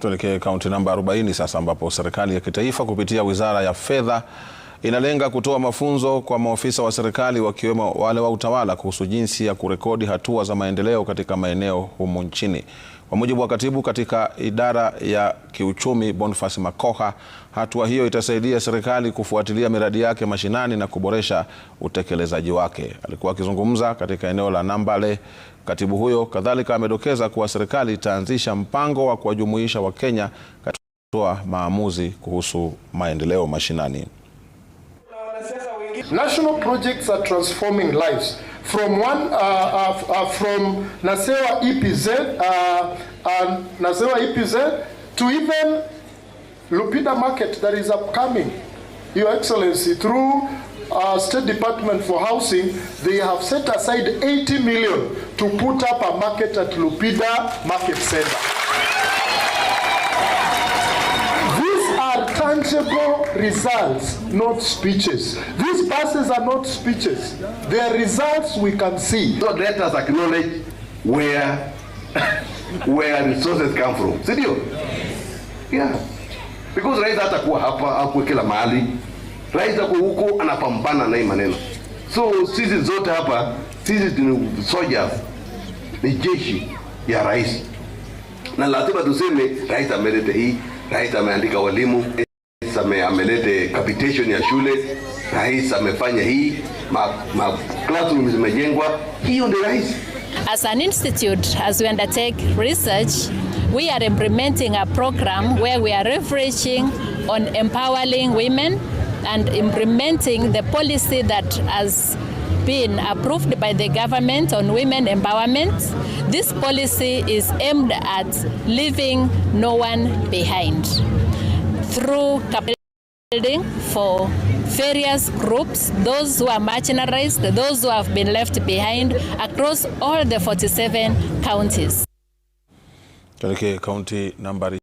Tuelekee kaunti namba 40 sasa ambapo serikali ya kitaifa kupitia Wizara ya Fedha inalenga kutoa mafunzo kwa maofisa wa serikali wakiwemo wale wa utawala kuhusu jinsi ya kurekodi hatua za maendeleo katika maeneo humu nchini. Kwa mujibu wa katibu katika idara ya kiuchumi Boniface Makoha, hatua hiyo itasaidia serikali kufuatilia miradi yake mashinani na kuboresha utekelezaji wake. Alikuwa akizungumza katika eneo la Nambale. Katibu huyo kadhalika amedokeza kuwa serikali itaanzisha mpango wa kuwajumuisha Wakenya katika kutoa maamuzi kuhusu maendeleo mashinani. National projects are transforming lives from one uh, uh, uh, from Nasewa EPZ uh, uh, Nasewa EPZ to even Lupita market that is upcoming. Your Excellency, through uh, State Department for Housing, they have set aside 80 million to put up a market at Lupita Market Center tangible results, not speeches. These buses are not speeches. They are results we can see. So let us acknowledge where, where resources come from. See you? Yeah. Because rais hatakuwa hapa au kila mahali. Rais ako huko anapambana na hii maneno. So sisi zote hapa, sisi ni soldiers, ni jeshi ya rais, na lazima tuseme rais ameleta hii, rais ameandika walimu ame, ameleta capitation ya shule, rais amefanya hii, ma, ma classroom zimejengwa. Hiyo ndio rais. As an institute, as we undertake research, we are implementing a program where we are leveraging on empowering women and implementing the policy that has been approved by the government on women empowerment. This policy is aimed at leaving no one behind through building for various groups, those who are marginalized, those who have been left behind across all the 47 counties. Tuelekee kaunti nambari